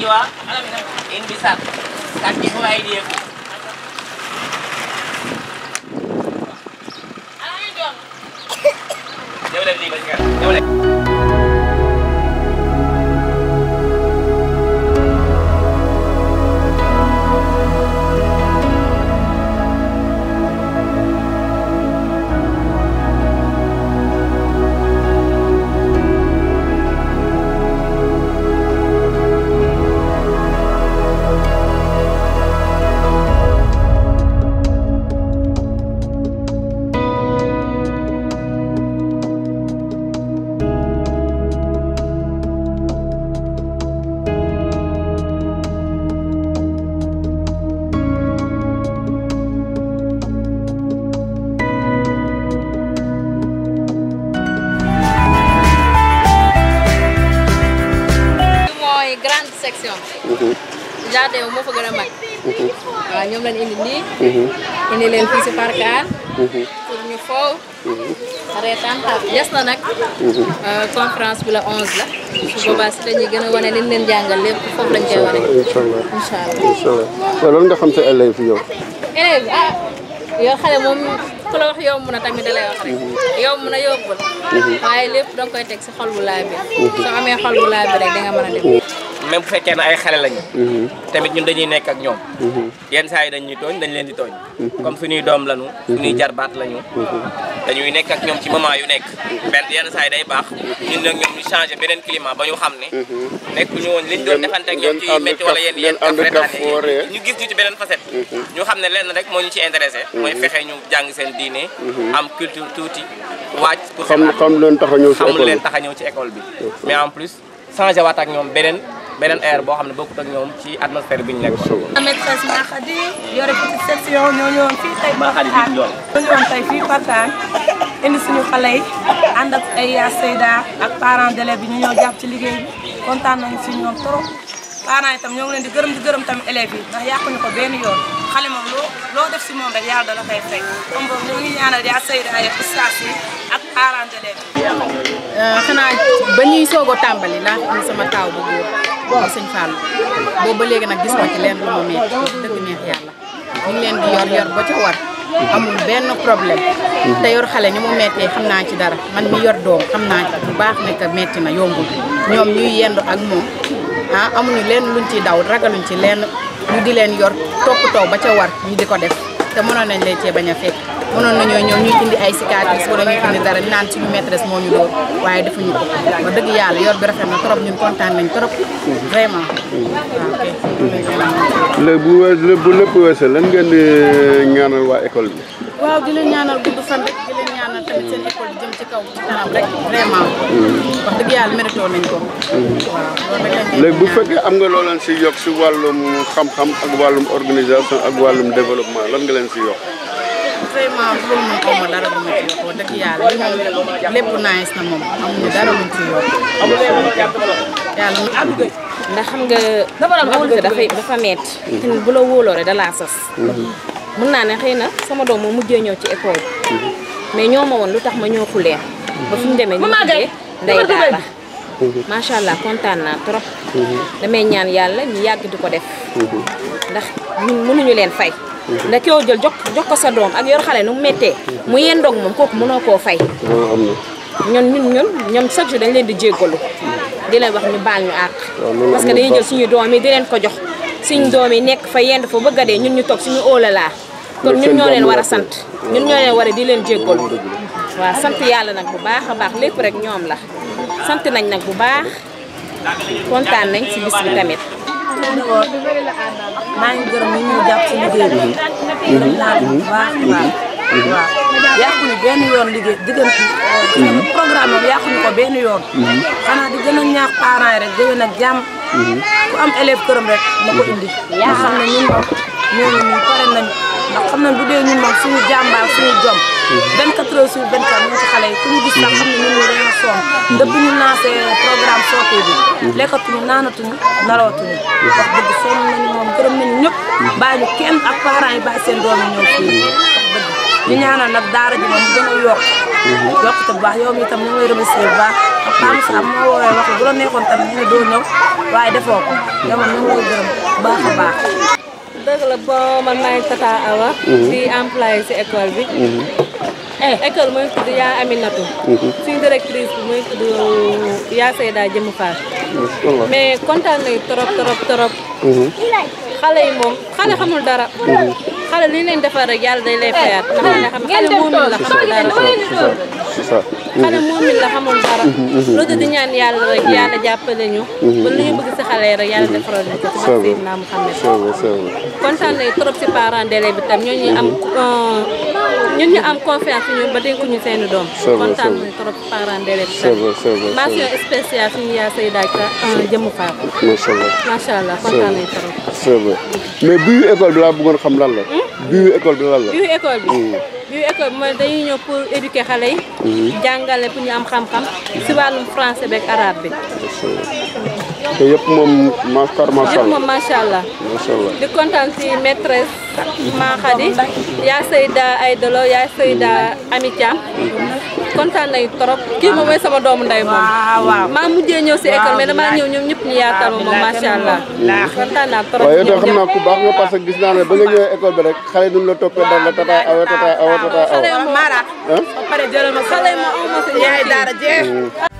siwa in bisa kaki gua idea ku dong. Ya Dia demo programma mau ñoom mm-hmm. nah, lañ indi nii indi leen ini si parc Hann pour ñu foow reetaan taaf des na nag conférence bi la 11 la su boobaa si dañuy gën a wane liñ leen jàngal lépp foofu lañ koy wane incha allah incha allah incha allah waaw loolu nga xam sa élève yow élève eh, eh, ah yow xale moom ku la wax yomb na tamit da lay wax rek yomb na yombul waaye lépp da koy teg si xol bu xol bu rek da nga même bu fekkee ne ay xale lañu. Mhm. tamit ñun dañuy nekk ak ñoom. Mhm. yenn saa yi dañ tooñ dañ leen di tooñ. Mhm. comme suñuy doom lañu. suñuy jarbaat lañu. dañuy nekk ak ñoom ci moment yu nekk. benn yenn saa yi day baax. ñun nag ñu changé beneen climat ba ñu xam ne. nekkuñu woon liñ doon defante ak ñoom ci métti wala yenn yenn ñu gis ñu beneen facette. ñu xam ne lenn rek moo ñu ci intéressé. mooy fexe ñu jàng seen diine. am culture tuuti waaj. pour xam leen tax a ñëw ci école bi ci école bi mais en plus changé waat ak ñoom beneen beneen air boo xam ne bokkut ak ñoom ci atmosphère bi ñu nekk. maîtresse Makhady yore petite section ñoo ñëwoon fii tey Makhady bi ñoo ñëwoon tey fii Partaan indi suñu xale yi ànd ak ay yaa Seyda ak parents d'élèves bi ñu ñëw jàpp ci liggéey bi kontaan nañu si ñoom trop parents itam ñoo ngi leen di gërëm di gërëm tamit élèves yi ndax yàquñu ko benn yoon xale moom loo loo def si moom rek yàlla dala koy fay comme boobu ñoo ngi ñaanal yaa Seyda ak ustaas yi ak parents d'élèves euh, xanaa ba ñuy soog a tàmbali laa fi sama taaw bu góor moom sëñ Fall ba léegi nag gis ma ci leen lu ma metti dëgg neex yàlla ñu leen di yor yor ba ca war amul benn problème te yor xale ni mu mettee xam naa ci dara man mi yor doom xam naa ci bu baax ne metti na yombul ñoom ñuy yendu ak moom ah amuñu lenn luñ ci daw ragaluñ ci leen ñu di leen yor toppatoo ba ca war ñu di ko def te mënoon nañ leen cee bañ a fekk mënoon nañoo ñoom ñuy indi ay cicatrices wala ñuy indi dara naan suñu maîtresse moo ñu dóor waaye defuñu ko wax dëgg yàlla yor bi rafet na trop ñun kontaan nañ trop lépp bu bu lépp weesoo euh, waa école bi waaw di leen ñaanal gudd léegi mm-hmm. mm-hmm. bu fekkee am nga loo leen si yokk si wàllum xam-xam ak wàllum organisation ak wàllum développement lan nga leen si yokk vraiment loolu moom xaw ma moom lépp nice ndax xam nga wóolute dafay dafa meet te nit bu la wóoloo rek da laa sas mun naa ne xëy na sama doom moo mujjee ñëw ci école mais ñoo ma woon lu tax ma ñëw xuleen ba fu ñu demee ñu mujjee ndey daara macha allah kontaan naa trop mhm. damay ñaan yàlla ñu yàgg di ko def mhm. ndax ñun mënuñu leen fay na koo jël jox jox ko sa doom ak yor xale nu mu méttee mu yendoog moom kooku mënoo koo fay ñun ñun ñun ñoom chaque jour dañ leen di jéggalu di leen wax ñu baal ñu àq parce que dañuy jël suñu doom yi di leen ko jox suñu doom yi nekk fa yend fa bëgg a dee ñun ñu toog suñu óolalaa kon ñun ñoo leen war a sant ñun ñoo leen war a di leen jéggalu waaw sant yàlla nag bu baax a baax lépp rek ñoom la sant nañ nag bu baax kontaan nañ si bis bi tamit maa ngi gërëm ñu ñu jàpp si liggéey bi. Mhm. gërëm naa a baax. Mhm. Mhm. waaw yàquñu benn yoon liggéey diggante. programme bi yàquñu ko benn yoon. xanaa di gën a ñaax parents yi rek déwén ak jàmm. ku am élève këram rek na ko indi. yaa a ne ñun moom ñooñu ñun nañ bu dee ñun moom suñu jàmbaar suñu jom. 24 heures sur 24 ñu ci xale yi ku ñu gis sax sonn dëpp ñu lancé programme Soote bi lekkatuñu naanatuñu narawatuñu wax dëgg sonn nañu moom gërëm nañu ñëpp bàyyi ñu kenn ak parents yi bàyyi seen doom yi ñëw fii ñu ñaanal nag daara ji moom gën a yokk yokkute bu baax yow mi itam ñu ngay remercier bu baax ak Pape Sam moo woowee wax bu la neexoon tam ñu ne doo ñëw waaye defoo ko yow moom ñu ngay gërëm baax a baax dëgg la bon man maay Tata Awa di mm-hmm. employé si école bi mm-hmm. Eh. école mooy tudd yaa Aminatou. Mhm. suñu directrice bi mooy tudd yaa Seyda Jëmu Faar. mais kontaan nañu trop trop mhm. yi moom xale xamul dara. Mhm. xale li leen defar rek yàlla day lay fayaat eh, ndax li nga xale moomin la xamul dara xale mm-hmm, moomin mm-hmm. ñaan yàlla rek mm-hmm. yàlla jàppale ñu ba lu ñu bëgg si xale yi rek yàlla defaral ñu ko si Seydina Mouhamed kontaan trop si parents d'élèves bi tam ñoo ñu am ñu am confiance ñun ba dénkuñu seeni doom kontaan trop si parents d'élèves bi tam mention spéciale suñu yaa Seyda Ka jëmu faam macha allah macha allah kontaan nañu mais bu école bi laa bëggoon xam lan hmm? biir école bi lan la biir école bi mm. biir école bi mooy dañuy ñëw pour éduquer xale yi mm-hmm. jàngale pour ñu am xam-xam si wàllum français beeg arabe bi te yëpp moom maskar macha allah yëpp moom macha allah di kontaan si maîtresse Maa yaa Seyda Aydolo yaa Seyda Ami kontaan nañu trop kii moom mooy sama doomu nday moom. maa mujjee ñëw si école mais damaa ñëw ñëpp ñu yaatal moom macha allah. kontaan naa trop waaw yow xam ku baax nga parce que gis naa ne ba nga ñëwee école bi rek xale yi ñu la toppee daal la tata awa tata awa tata awa. xale yi moom Mara. xale yi moom aw ma daara jeex. Hmm.